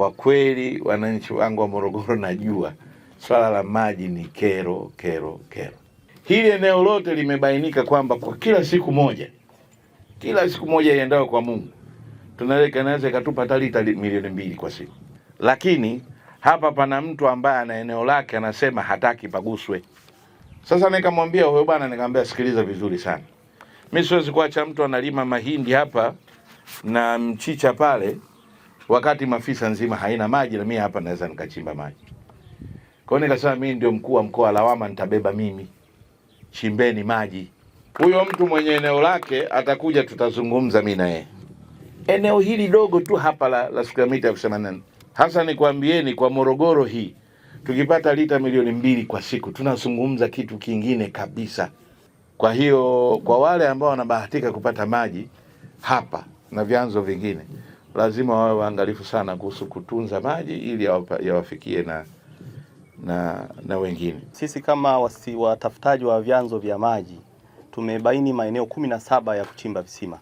Kwa kweli wananchi wangu wa Morogoro, najua swala la maji ni kero kero kero. Hili eneo lote limebainika kwamba kwa kila siku moja, kila siku moja iendayo kwa Mungu, tunaweka naweza ikatupa hata lita milioni mbili kwa siku, lakini hapa pana mtu ambaye ana eneo lake anasema hataki paguswe. Sasa nikamwambia huyo bwana, nikamwambia sikiliza vizuri sana, mi siwezi kuacha mtu analima mahindi hapa na mchicha pale wakati Mafisa nzima haina maji na mimi hapa naweza nikachimba maji. Kwa hiyo nikasema mimi ndio mkuu wa mkoa, lawama nitabeba mimi, chimbeni maji. Huyo mtu mwenye eneo lake atakuja, tutazungumza mimi na yeye. Eneo hili dogo tu hapa la, la square mita ya kusema hasa nikwambieni, kwa Morogoro hii tukipata lita milioni mbili kwa siku, tunazungumza kitu kingine kabisa. Kwa hiyo kwa wale ambao wanabahatika kupata maji hapa na vyanzo vingine lazima wawe waangalifu sana kuhusu kutunza maji ili yawafikie na, na, na wengine. Sisi kama wasi watafutaji wa vyanzo vya maji tumebaini maeneo kumi na saba ya kuchimba visima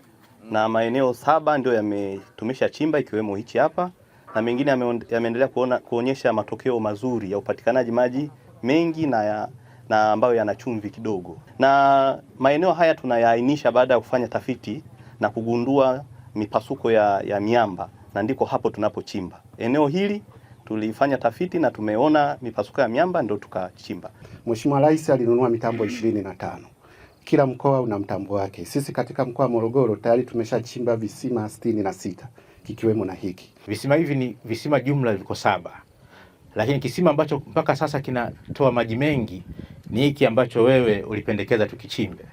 na maeneo saba ndio yametumisha chimba ikiwemo hichi hapa na mengine yameendelea kuona, kuonyesha matokeo mazuri ya upatikanaji maji mengi na, ya, na ambayo yana chumvi kidogo, na maeneo haya tunayaainisha baada ya kufanya tafiti na kugundua mipasuko ya, ya miamba na ndiko hapo tunapochimba. Eneo hili tulifanya tafiti na tumeona mipasuko ya miamba ndio tukachimba. Mheshimiwa Rais alinunua mitambo ishirini na tano. Kila mkoa una mtambo wake. Sisi katika mkoa wa Morogoro tayari tumeshachimba visima sitini na sita kikiwemo na hiki. Visima hivi ni visima jumla viko saba, lakini kisima ambacho mpaka sasa kinatoa maji mengi ni hiki ambacho wewe ulipendekeza tukichimbe.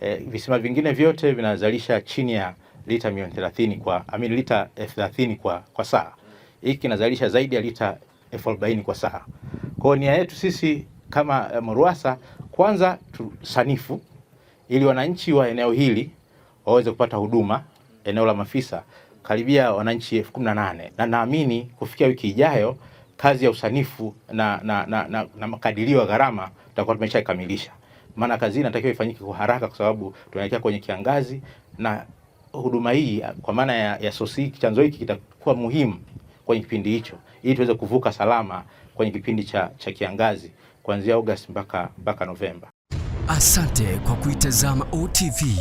E, visima vingine vyote vinazalisha chini ya lita milioni 30 kwa amini lita 30 kwa, kwa saa. Hiki kinazalisha zaidi ya lita elfu arobaini kwa saa. Kwa nia yetu sisi kama eh, MRUWASA kwanza tusanifu ili wananchi wa eneo hili waweze kupata huduma eneo la Mafisa karibia wananchi elfu kumi na nane na naamini kufikia wiki ijayo kazi ya usanifu na, na, na, na, na makadirio ya gharama tutakuwa tumeshaikamilisha, maana kazi hii inatakiwa ifanyike kwa haraka, kwa sababu tunaelekea kwenye kiangazi na huduma hii kwa maana ya, ya sosi hiki chanzo hiki kitakuwa muhimu kwenye kipindi hicho ili tuweze kuvuka salama kwenye kipindi cha, cha kiangazi kuanzia Agosti mpaka mpaka Novemba. Asante kwa kuitazama OTV.